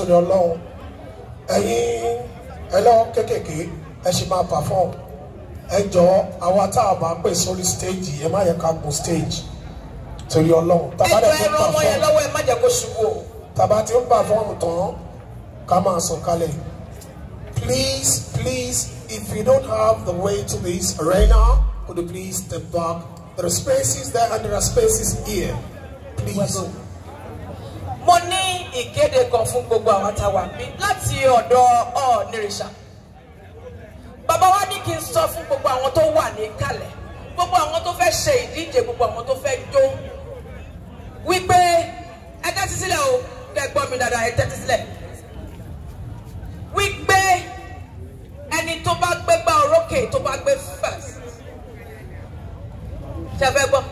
sọ̀rọ̀ ọlọ́run ẹ̀yin ẹlẹ́wọ̀n kéékèèké ẹ ṣì máa perform ẹ jọ àwa tá a bá pè sórí stage ẹ má yẹ ká gun stage torí ọlọ́run tàbá dẹ̀ tó perform ẹ lọ́wọ́ ẹ má jẹ́ kó ṣubú o tàbá ti ń perform tán ká máa sùn kalẹ̀ please please if you don't have the way to this arena could you please step back there are spaces there and there are spaces here please ìkéde kan fún gbogbo àwọn táwa mi láti ọ̀dọ̀ ọ̀nìrìṣà bàbá wa ní kí n sọ fún gbogbo àwọn tó wà ní kalẹ̀ gbogbo àwọn tó fẹ́ ṣe ìdíje gbogbo àwọn tó fẹ́ jó wípé ẹ tẹ́tí sílẹ̀ o kẹ́ mi dáadáa ẹ tẹ́tí sílẹ̀ wípé ẹni tó bá gbégbá orókè tó bá gbé first ṣe fẹ́ gbọ́.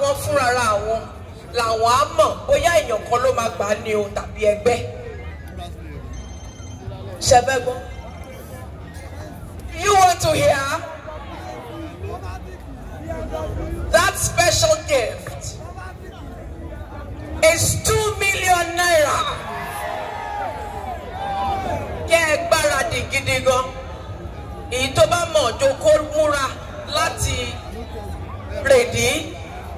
àwọn fúnra ra àwọn làwọn á mọ̀ bóyá èèyàn kan ló máa gbà á ni o tàbí ẹgbẹ́ ṣẹfẹ́gbọ́n you want to hear that special gift is two million naira kẹ́ ẹ gbáradì gidi gan èyí tó bá mọ̀ jókòó múra láti rèdí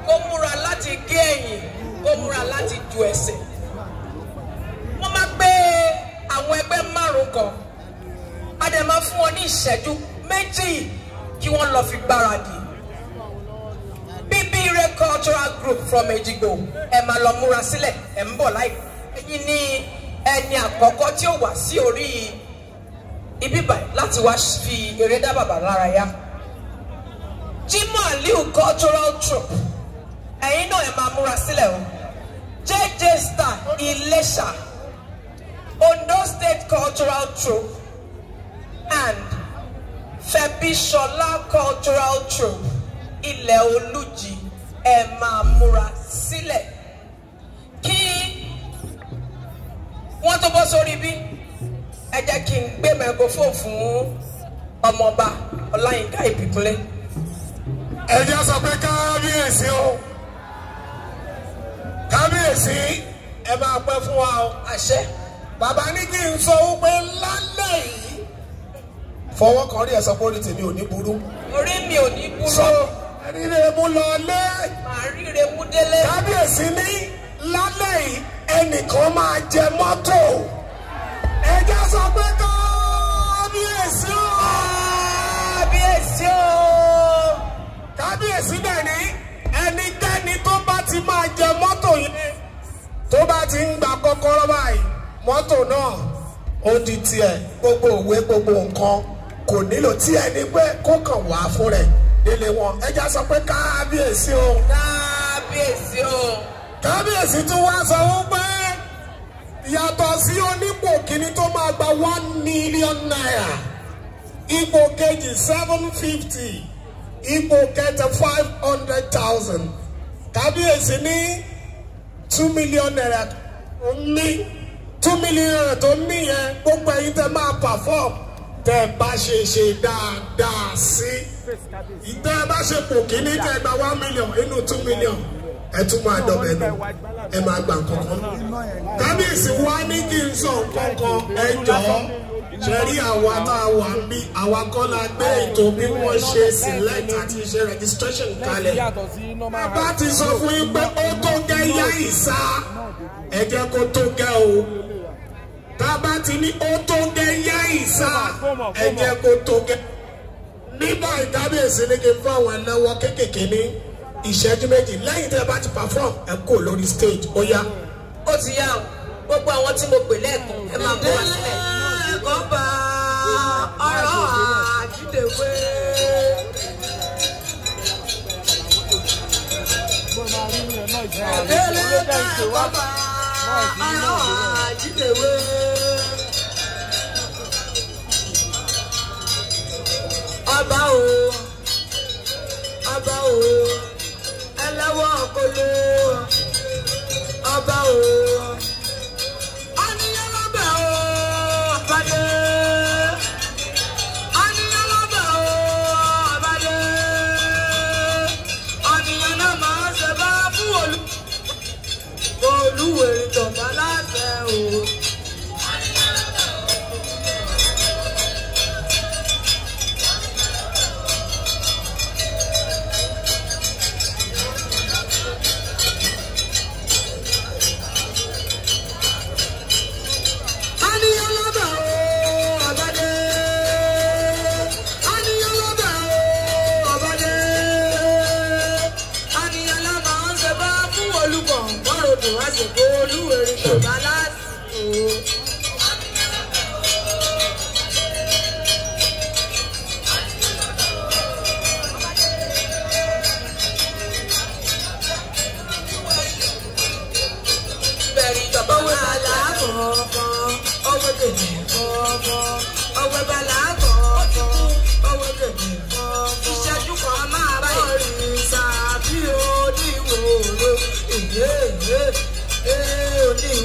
kó múra láti gé ẹ̀yìn kó múra láti ju ẹsẹ̀ wọ́n máa gbé àwọn ẹgbẹ́ márùn kan a dẹ̀ máa fún wọn ní ìṣẹ́jú méjì kí wọ́n lọ fi gbáradì BBire cultural group from Ejigbo ẹ máa lọ múra sílẹ̀ ẹ ń bọ̀ láìpẹ́ ẹ̀yin ní ẹni àkọ́kọ́ tí ó wà sí orí ibíbà láti wá fi eré dá lára yá Jimoh Aliu cultural troupe ẹ̀yin náà ẹ̀ máa múra sílẹ̀ o JJ Star Ilesha Ondo State Cultural Troop, and Febishola Cultural Troop ilẹ̀ olújì ẹ̀ máa múra sílẹ̀ kí wọ́n tó bọ́ sórí bí ẹ jẹ́ kí n gbé microphone fún ọmọọba Ọláyínká Ìbíkúnlé. ẹ jẹ́ sọ pé kábíyèsí o kábíyèsí ẹ máa pẹ́ fún wa o. àṣẹ. bàbá ní kí n sọ wípé lálẹ́ yìí fọwọ́ kan rí ẹ̀sán pọ́lì tèmi ò ní burú. orí mi ò ní burú. so ríre mú lọlé. màá ríre mú délé. kábíyèsí ní lálẹ́ yìí ẹnìkan máa jẹ mọ́tò. ẹ sọ pé kábíyèsí o. kábíyèsí o. kábíyèsí bẹ́ẹ̀ ni ẹni tẹ́ ti máa jẹ mọ́tò yẹn tó bá ti ń gba kọ́kọ́rọ́ báyìí mọ́tò náà ó di tiẹ̀ gbogbo òwe gbogbo nǹkan kò nílò tí ẹni pé kó kàn wá fún rẹ̀ délé wọn ẹja sọ pé kábíyèsí o. kábíyèsí o. kábíyèsí tún wá sọ wípé yàtọ̀ sí onípò kìíní tó máa gba one million naira ipò kejì seven fifty ipò kẹta five hundred thousand kábíyèsí ní two million naira ó ní two million tó ní yẹn gbogbo ẹ̀yin tẹ́ máa perform tẹ́ bá ṣe ṣe dáadáa sí ìtẹ́ bá ṣe pò kíní tẹ́ gba one million inú two million ẹ tún máa dọ̀bẹ̀ nù ẹ máa gbà kankan kábíyèsí wá ní kí n sọ kankan ẹ jọ̀ọ́ ṣe rí àwa tá a wà ń bí àwa kọ́ la gbé ètò bí wọ́n ṣe select àti ṣe registration kalẹ̀ bàbá ti sọ fún yín pé ó tó gẹ́ yá ìsá ẹ jẹ́ kó tó gẹ́ o bàbá ti ní ó tó gẹ́ yá ìsá ẹ jẹ́ kó tó gẹ́ nígbà ìdábẹ̀sí ni kí n fún àwọn ẹnáwó kéékèèké ní ìṣẹ́jú méjì lẹ́yìn tí ẹ bá ti perform ẹ kó lórí stage ó yá. ó ti yá o gbogbo àwọn tí mo pè lẹ́ẹ̀kan ẹ máa bọ́ wá sílẹ̀ bá ọ̀rọ̀ àjídèwé. Èlé bá ọ̀rọ̀ àjídèwé. Ọba o, ọba o, ẹlẹ́wọ̀n kolo, ọba o.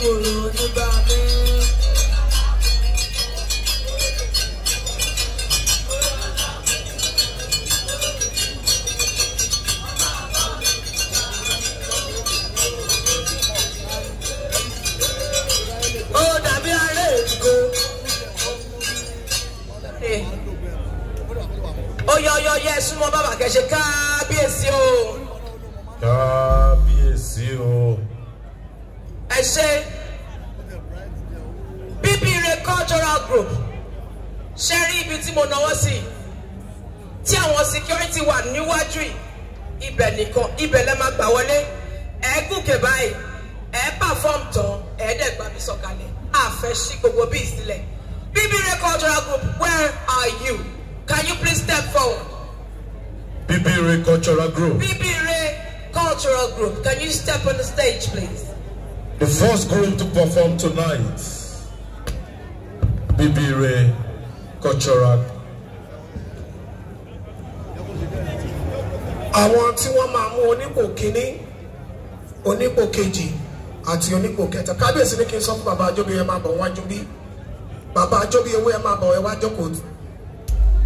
olóyún bá. perform tonight Bibire Cultural. Àwọn tí wọ́n máa mú onípò kínní, onípò kejì àti onípò kẹta. Kábíyèsí ní kí n sọ fún bàbá Ajóbíyẹ máa bọ̀ wájú bí. Bàbá Ajóbíyẹ wúyẹ máa bọ̀ ẹ wá jókòó.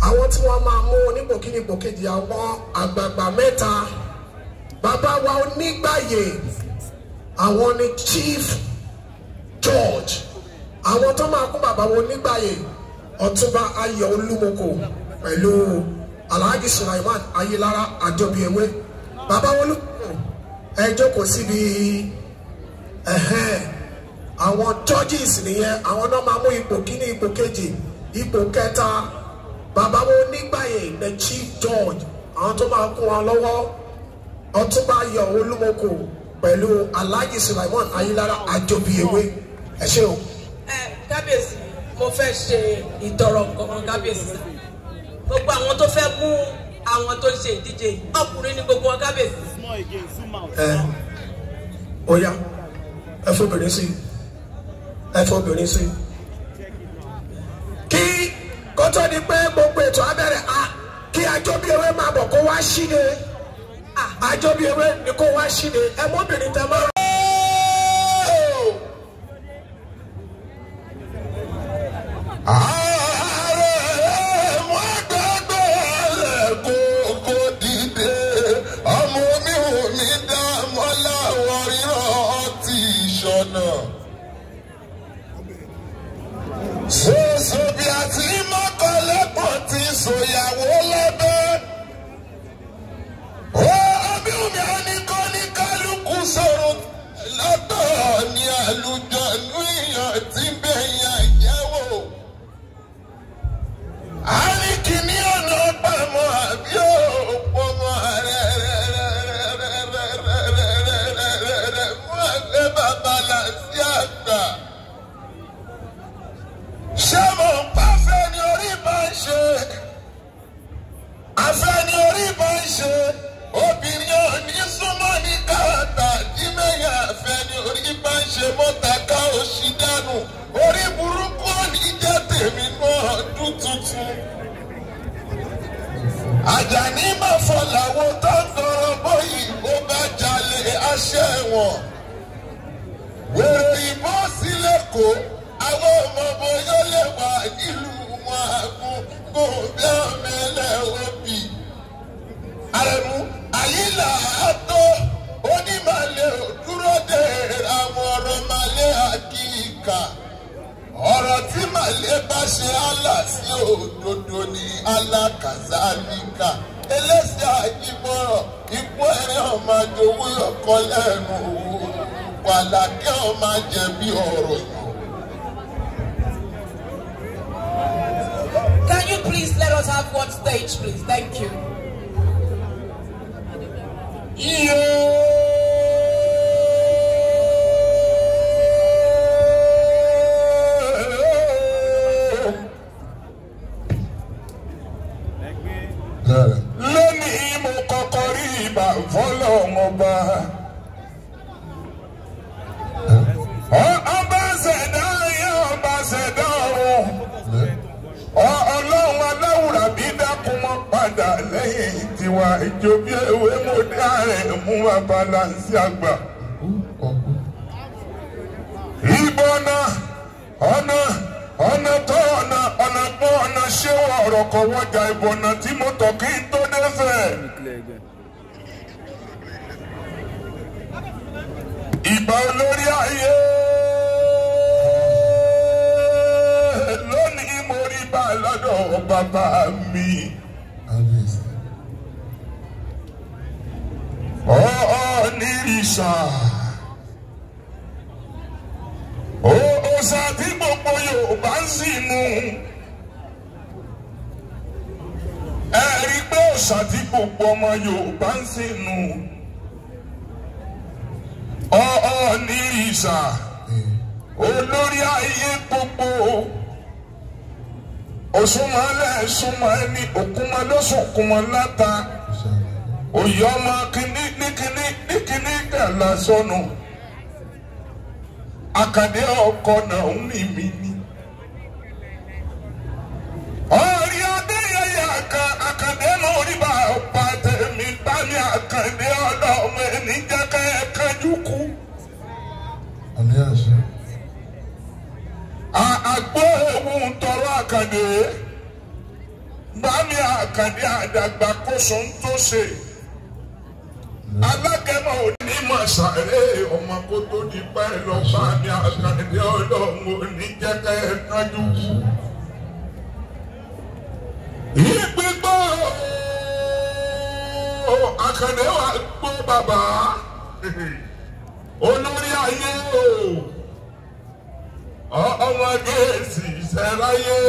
Àwọn tí wọ́n máa mú onípò kínní ipò kejì àwọn àgbààgbà mẹ́ta. Bàbá wa onígbàyè àwọn ni chief. George àwọn tó máa kó bàbá wọn nígbà yẹn ọ̀túnba ayọ̀ olúmọkò pẹ̀lú alhaji sulaiman ayilara adobiewe bàbá wọn olúmọkò ẹ jókòó síbi àwọn judges nìyẹn àwọn náà máa mú ipò kíní ipò kejì ipò kẹta bàbá wọn nígbà yẹn the chief judge àwọn tó máa kó wọn lọ́wọ́ ọ̀túnba ayọ̀ olúmọkò pẹ̀lú alhaji sulaiman ayilara adobiewe. Oh ẹ ṣe o. ẹ kábíyèsí mo fẹ́ ṣe ìtọrọ nǹkan kábíyèsí sá gbogbo àwọn tó fẹ́ mú àwọn tó ń ṣe ìdíje ọkùnrin ní gbogbo wọn kábíyèsí. ẹ ó yá ẹ fọbìnrin sí ẹ fọbìnrin sí kí kótó di pé gbogbo ètò abẹ́rẹ́ a kí ajọ́ bí ewé máa bọ̀ kó wá síde àjọ bí ewé ni kó wá síde ẹ mọ́bìnrin tẹ mọ́ra. Ah! ṣe Allah sí òdodo ní alákàzálíkà ẹlẹ́sẹ̀ àjíbọ̀rọ̀ ipò ẹ̀rẹ́ ọmọ àjòwò ọkọ lẹ́nu owó pàlàkẹ́ ọmọ àjẹbí ọ̀rọ̀ yìí. Can you please let us have one stage, please? Thank you. Iyo. wà ìjó bí ewé mo dá rẹ̀ mú wa balansi àgbà. ìbọnà ọ̀nà ọ̀nà tó ọ̀nà ọ̀nà bọ́ ọ̀nà ṣé wà ọ̀rọ̀ kọ̀ wọ́jà ìbọnà tí mo tọ̀ kí n tó dẹ́fẹ̀. ìbà olórí ayé lónìí mo rí bá lọ́dọ̀ bàbá mi. onírìṣà òòṣà tí gbogbo Yorùbá ń sì mú ẹ rí pé òòṣà tí gbogbo ọmọ Yorùbá ń sì mú onírìṣà olórí ayé gbogbo òṣùmọ̀lẹ́ súnmọ́ ẹni òkúmọ́ ló sùn oyoma ọmọ kínní ní kínní àkàdé ọkọ náà ń mì mí ni. orí ọdẹ yẹyẹ àkà àkàdé lórí bàbá tèmi bámi àkàdé ọ̀dọ̀ ọmọ ẹni jẹ́kẹ́ ewu àkàdé àkàdé alágẹ̀mọ̀ ò ní sàré ọmọ tó di bá lọ bá mi àkàndé ọlọ́run ò ní ẹ nájú kú. ìgbégbó àkàndé wa gbó bàbá olórí ayé o ọmọ gẹ̀ẹ́sì sẹ́ráyé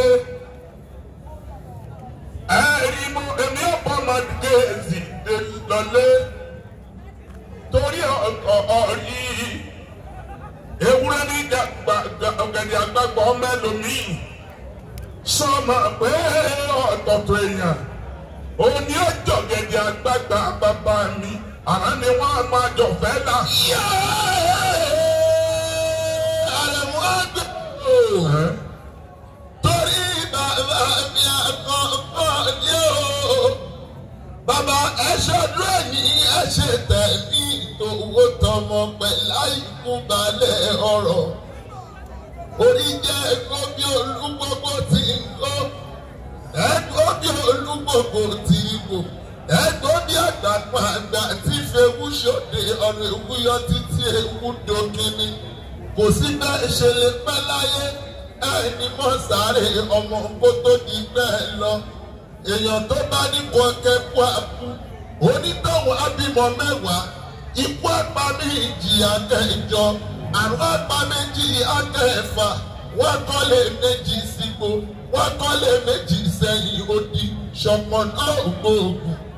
ẹ̀rí mo èmi ọ̀pọ̀ ọmọ gẹ̀ẹ́sì lọlé torí ọ̀rí ewúrẹ́ ní ọ̀gẹ̀dẹ̀ àgbàgbọ́ mẹ́lòmíì sọmọ pé ọ̀tọ̀tọ̀ èèyàn òní ọ̀jọ̀gẹ̀dẹ̀ àgbàgbà bàbá mi àná ni wọ́n á máa jọ fẹ́ là. àlẹ́mú àgbẹ̀ torí bàbá mi àkọ́kọ́ ni ó bàbá ẹ ṣàdúrà ní ẹ ṣe tẹ̀lé ìtòwó tọmọ pẹ̀lú àìkú balẹ̀ ọ̀rọ̀ orí jẹ́ ẹ̀kọ́ bí olúgbogbo ti ń kọ́ ẹ̀kọ́ bí olúgbogbo ti ń kọ́ ẹ̀kọ́ bí àgbàpọ̀ àgbà tí fẹ́wú ṣòde ọ̀rọ̀ ìwúyọ títí ewu dókínní kò sí bẹ́ẹ̀ ṣe lè pẹ́ láyé ẹni mọ́ sáré ọmọ kó tó di bẹ́ẹ̀ lọ èèyàn tó bá ní kọkẹ́kọ́ onítọ̀hún abímọ mẹ́wàá ikú apami ìjìyà kẹjọ àrùn apami ìjìyà kẹfà wọ́n kọ́ lé méjì sígbó wọ́n kọ́ lé méjì sẹ́yìn odi ṣọ̀pọ̀n náà ògbóògùn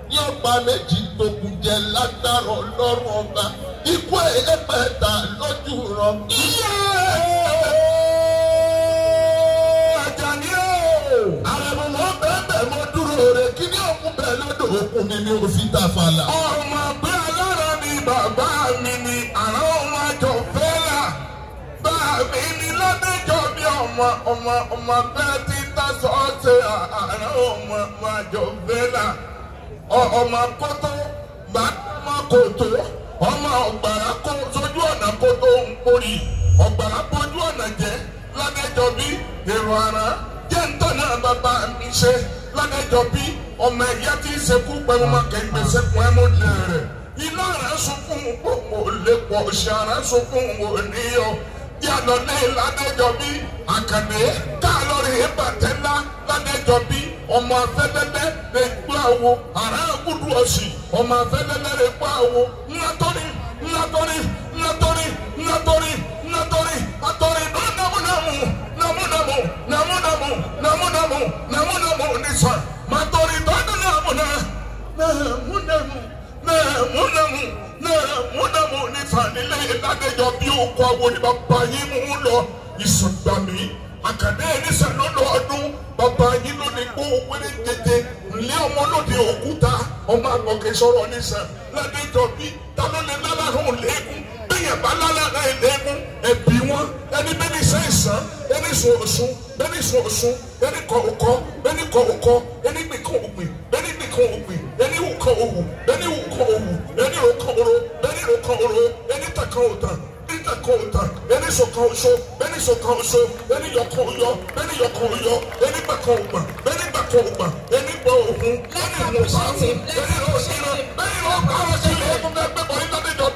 ní ọgbà méjì tó kù jẹ látàrọ̀ lọ́rùn ọba ikú ẹ̀ẹ́dẹ́gbẹ̀ta lójú rọ. iye. mọ́ dúró rẹ̀ kí ní òkú bẹ́ẹ̀ lọ́dọ̀. mi ni o ta Ọmọ pé alára ni bàbá mi ni ọmọ àjọ fẹ́lá. Bàbá mi mi ọmọ ọmọ ọmọ bẹ́ẹ̀ ti ta sọ́ọ̀tì ọmọ ọmọ àjọ Ọmọ kótó bàbá ọmọ ọgbàrá kó ọ̀nà kótó ń ọgbàrá ara. jẹ́ ntọ́ náà bàbá mi ṣe ládàjọ́ bí ọmọ ẹ̀yà tí ń sekú pẹ̀lú ma kẹ́ ń gbèsè kún ẹ̀ mọ́ lè rẹ̀ iná rẹ̀ sunkún gbogbo lè pọ̀ ṣà rẹ̀ sunkún òníyọ yàtọ̀ ní ládàjọ́ bí àkàndé káàlọ́ rè é bàtẹ́ ńlá ládàjọ́ bí ọmọ afẹ́dẹ́dẹ́ lè gbọ́ àwo àrà àgùdù ọ̀sì ọmọ afẹ́dẹ́dẹ́ lè gbọ́ àwo ńlá tọ́ni ńlá tọ́ni ńlá tọ́ni ńlá tọ́ni ńlá tọ́ni na mụ na mụ na ma tori na na na mụ na mụ na mụ na lọ ìsùgbàmí àkàdé ẹni sọ lọ́dọ̀ ọdún bàbá yín téèyàn bá lálẹ́ ẹ̀ẹ́dẹ́gún ẹ̀bí wọn ẹni bẹ́ni sẹ́ǹsán ẹni sọ̀ọ̀sùn bẹ́ni sọ̀ọ̀sùn bẹ́ni kọ̀ ọ̀kọ́ bẹ́ni kọ̀ ọ̀kọ́ ẹni gbìkan ògbìn bẹ́ni gbìkan ògbìn ẹni wù kan òwù bẹ́ni wù kan òwù ẹni rò kan òrò bẹ́ni rò kan òrò ẹni tàkan òtàn ẹni kan òtàn ẹni sọ̀kan òṣo bẹ́ni sọ̀kan òṣo ẹni yọkan òyọ bẹ́ni yọkan òyọ ẹni gbàkan ògbà bẹ́ni gbàkan ògbà ẹni gbọ́ òhun ẹni ìwọ̀n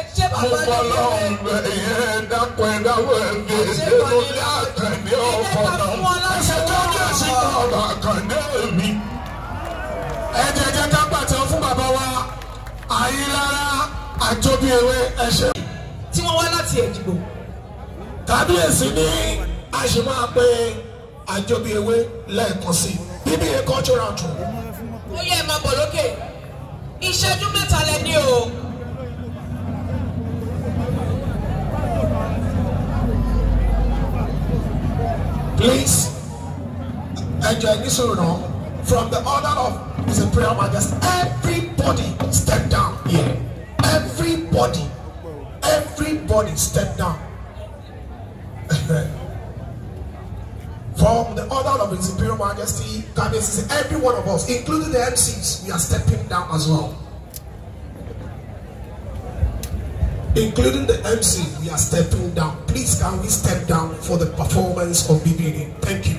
Mọ̀mọ́ lọ́hùn bẹ̀yẹ dákun ẹ̀dá wẹ̀ẹ́dẹ́ nínú ní àkàndé ọkọ̀ náà. Ẹsẹ̀ tó ní ẹ̀sìn ọ̀rọ̀ àkàndé èmi. Ẹ jẹ́ jẹ́ ká pàtẹ́wọ́ fún bàbá wa. Àyílára àjọbí ewé ẹ̀ṣẹ̀. Tí wọ́n wá láti Ẹ̀jìgbò. Kábíyèsí ní àṣemọ́ pé àjọbí ewé lẹ́ẹ̀kan sí. Bíbí ẹ̀kọ́ tó ra tù. Ó yẹ ẹ̀ máa bọ̀ lókè. Ìṣẹ́jú mẹ́ta lẹ ní o. Jainisono from the order of His Imperial Majesty. Everybody step down here. Everybody. Everybody step down. from the order of His Imperial Majesty, every one of us, including the MCs, we are stepping down as well. Including the MC, we are stepping down. Please, can we step down for the performance of BBN? Thank you.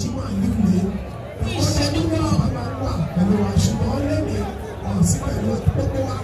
tí wọ́n yí lé ìṣẹ́jú náà wà pẹ̀lú àṣùwọ̀n lẹ́nu ọ̀sìn pẹ̀lú pẹ́pẹ́ wa.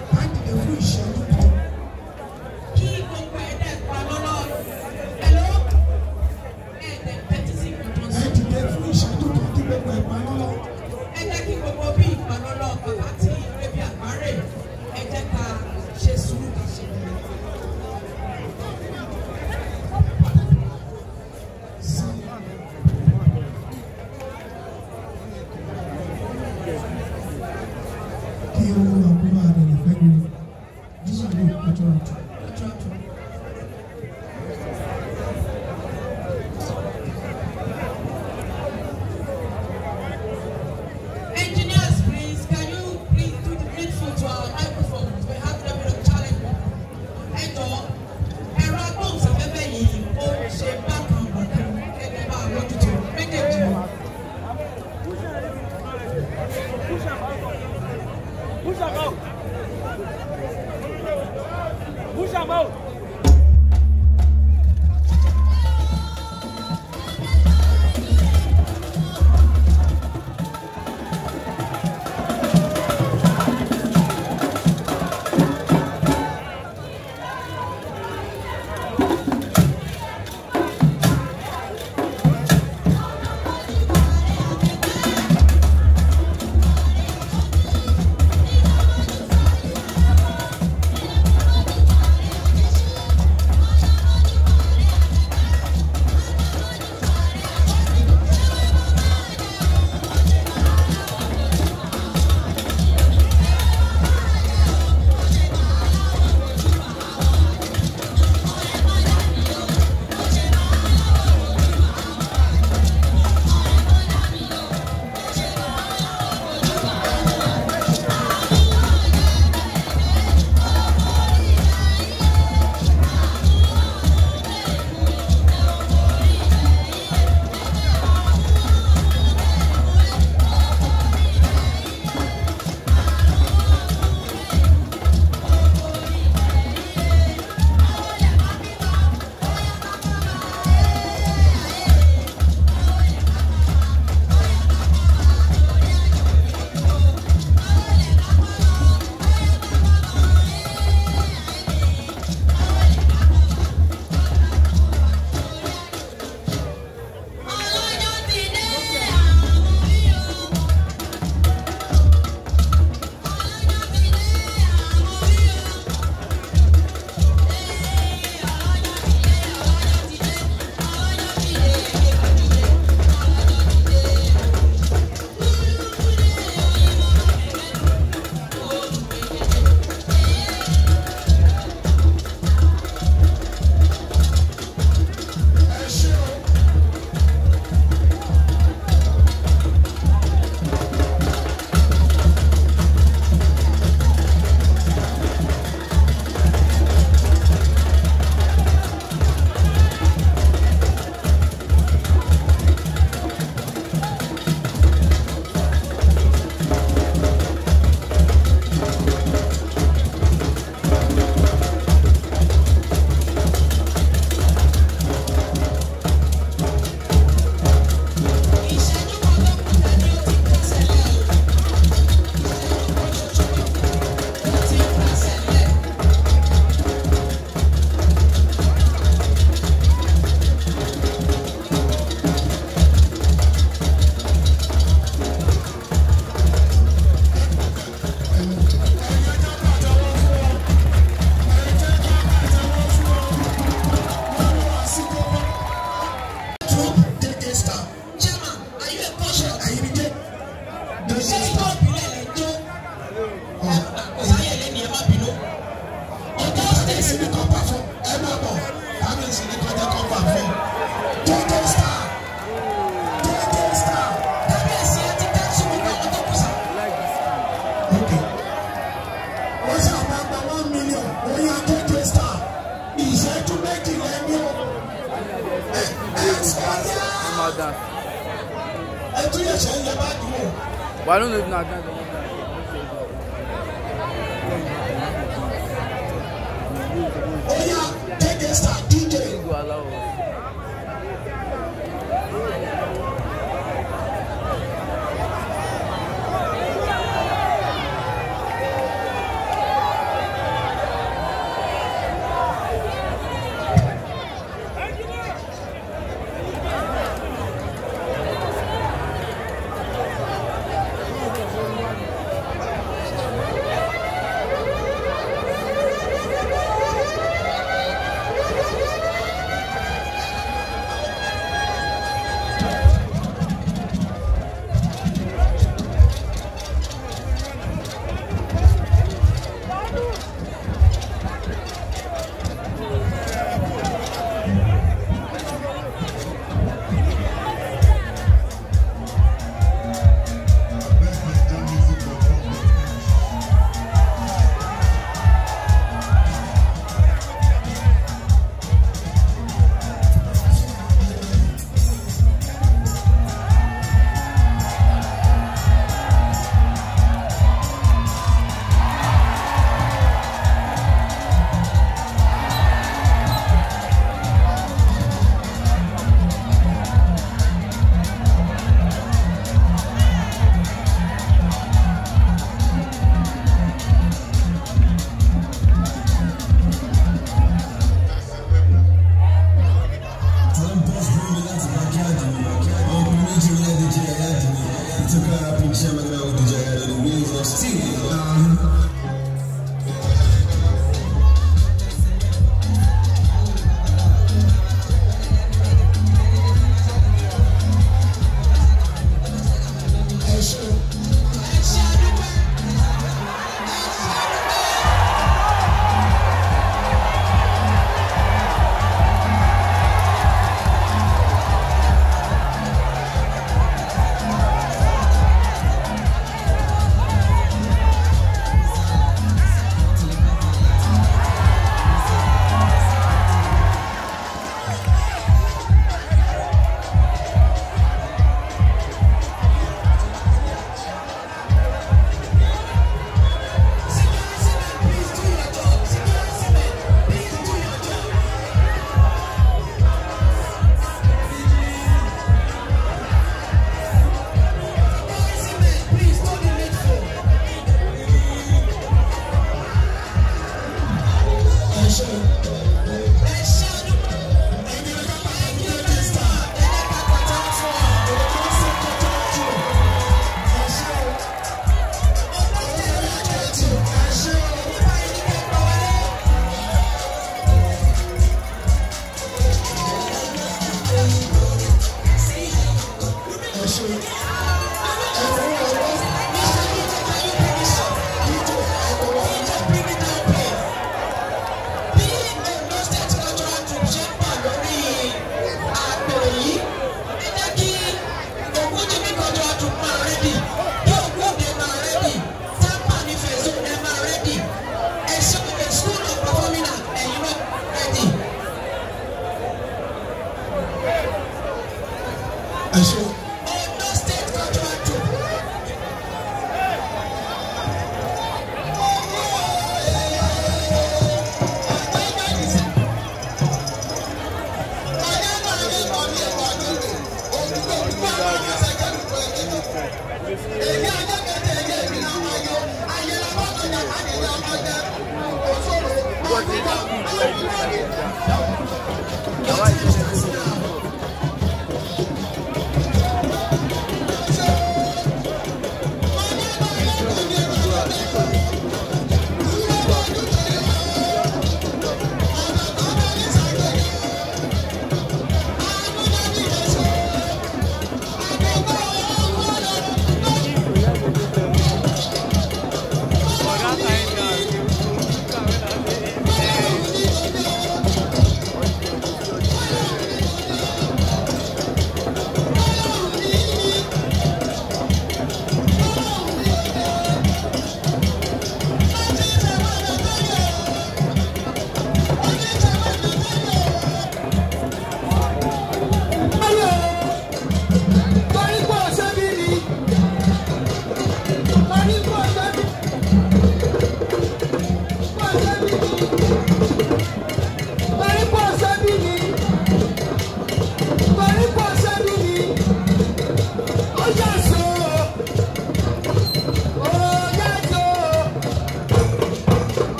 Supply, I DJ the wheels steel.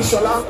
cela.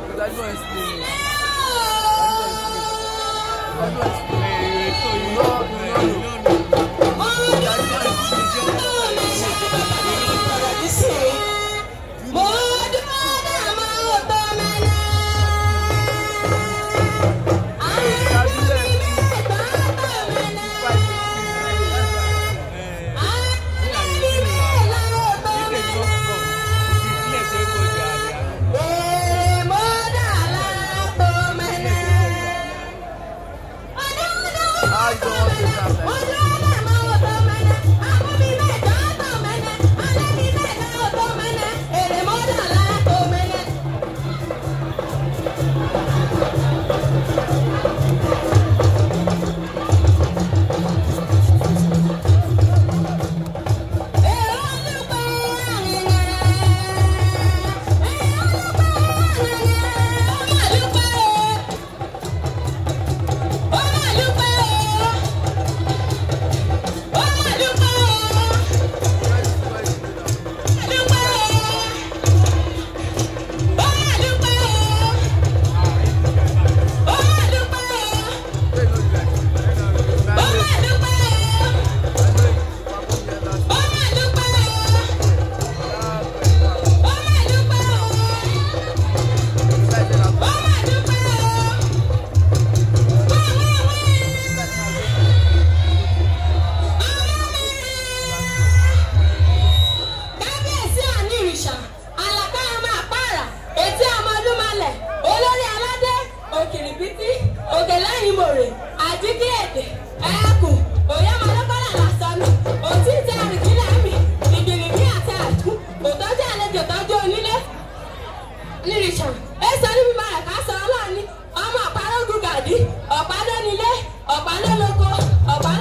nìrìṣà èso níbi máa ẹ̀ka sọ ọlọ́ọ̀ni ọmọ ọ̀pá lógun gàdí ọ̀pá lónílé ọ̀pá lóloko ọ̀pá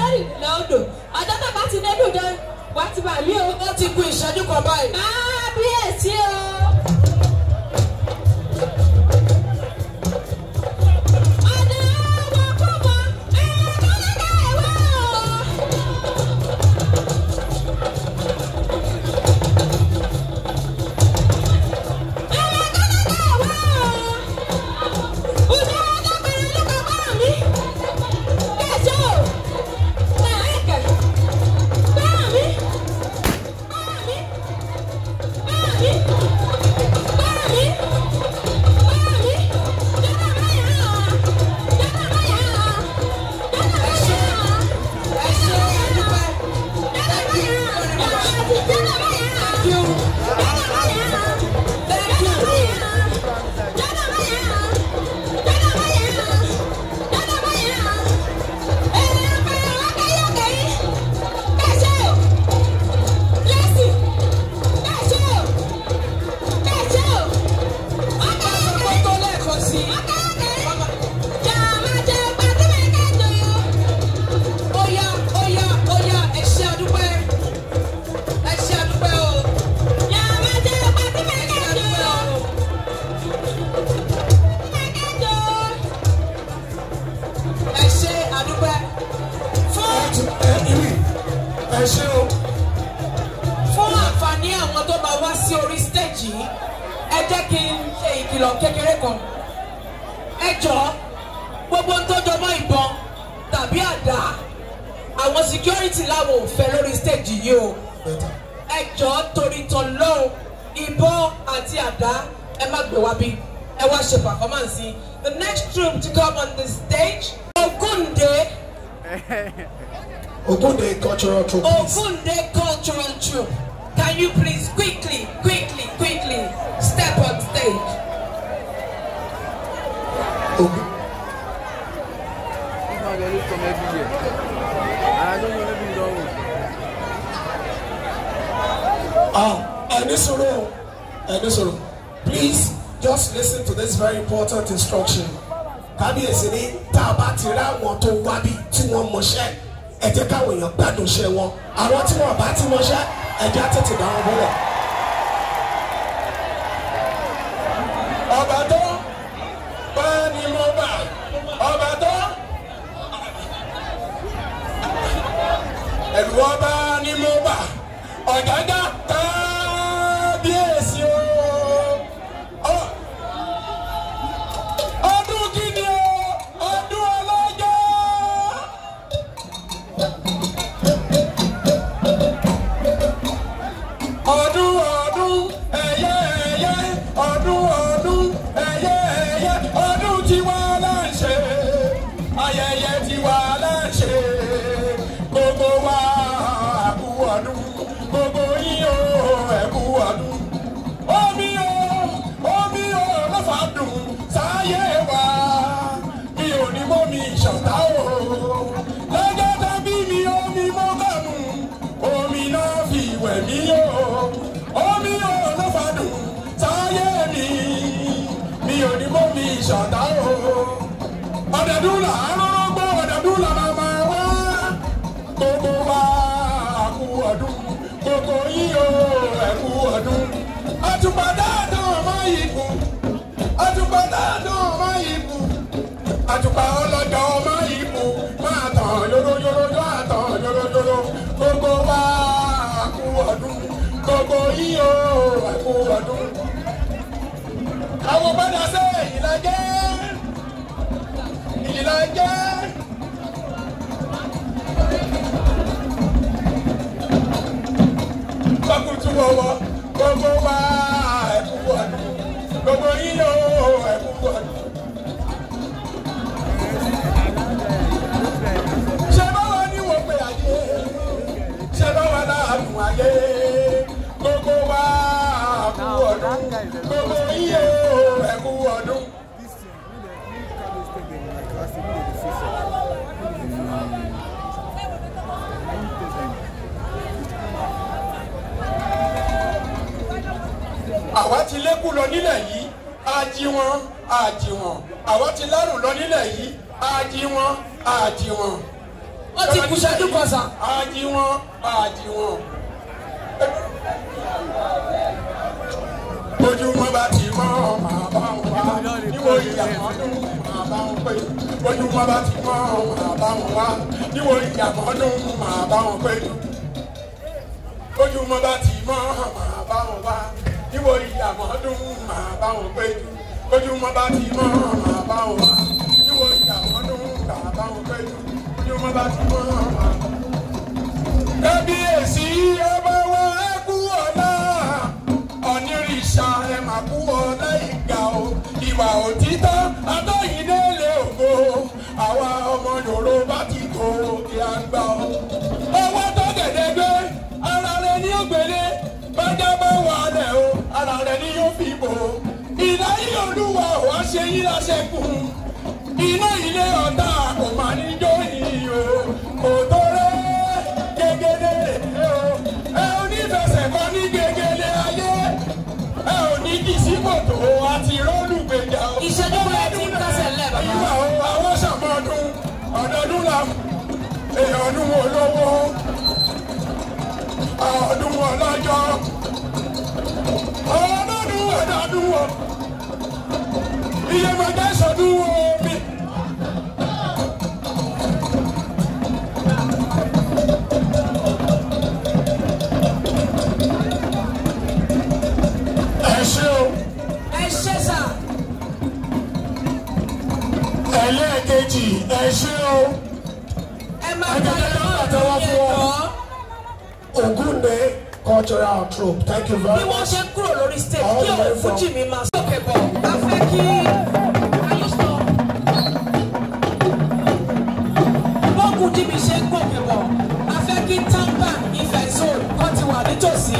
odò ọjọ́ tó bá ti dé dùn wá ti bà mí o. ó ti kù ìṣẹ́jú kan báyìí. máa bí èsì o. ẹ ṣé o. fún àǹfààní àwọn tó máa wá sí orí stage yìí ẹ jẹ́ kí n ṣe ìkìlọ̀ kékeré kan ẹ jọ̀ọ́ gbogbo ń tọ́jọ́ mọ́ ìbọn tàbí àdá àwọn security làwọn ò fẹ́ lórí stage yìí o ẹ jọ̀ọ́ torí tọlọ́run ìbọn àti àdá ẹ má gbé wá bí ẹ wá ṣe performance the next room to come on the stage Ogunde. Ogunde cultural troop. Ogunde cultural troop. Can you please quickly, quickly, quickly step on stage? Ogun. Ah, Anisoro, Anisoro, please just listen to this very important instruction. Kábíyèsí ní tá a bá ti rí àwọn tó wá tí wọ́n mọṣẹ́ ẹ jẹ́ káwọn èèyàn gbádùn ṣe wọn àwọn tí wọn bá ti wọn ṣe ẹ jẹ́ àtètè bá wọn bọ́lẹ̀. ọba tó bá ní mo bá ọba tó ọba ní mo bá ọ̀gágá. ọdún. àwọn padà sí ìlà jẹ́ ìlà jẹ́. kọ́kùtù wọ̀wọ̀ gbogbo wa ẹ̀kú ọdún gbogbo yín ló ẹ̀kú ọdún. ṣé báwo ni wọ́n pè àdé ṣé báwo náà nù ayé. gbogbo yíyẹ o ẹ kú ọdún. àwa ti lékù lọ nílẹ̀ yìí á jí wọn á jí wọn àwa ti lárùn lọ nílẹ̀ yìí á jí wọn ti kú sẹ́dúkọ̀sà. á jí wọn níwò ìyà mọ́dún màbá wọn pé ojú wọn bá ẹ bá wá ẹ kú ọ̀la ọ̀nìrìṣà ẹ má kú ọ̀la ìgbà ìwà òtítọ́ adóyìnlé lè ògo àwa ọmọ Yorùbá ti tó kí a ń gbà ọ́. owó tó gẹ̀dẹ̀ gbé ara rẹ ní ògbélé bájá bá wà lẹ̀ o ara rẹ ní yóò fi bò ó. ìlà yìí olúwa ò wá ṣe yín láṣẹ kù iná ilé ọ̀tá kò máa ní jó yìí o. ológun ọdún ọlọ́jọ́ ọlọ́dún ọ̀dọ́dún wọ iye mọ̀tẹ́ sọdún wọ ẹ ṣé o. ẹ ṣé sà. ẹlẹ́ẹ̀kejì ẹ ṣé o. ẹ máa bá tẹ́wọ́ fún cultural troupe thank you very much. bí wọ́n ṣe kúrò lórí stage kí òun fújì mi máa sókè bọ̀ a fẹ́ kí. bọ́ọ̀kù dìbì ṣe ń gòkè bọ̀ a fẹ́ kí tampan Ifẹ̀ zone kan ti wà nítòsí.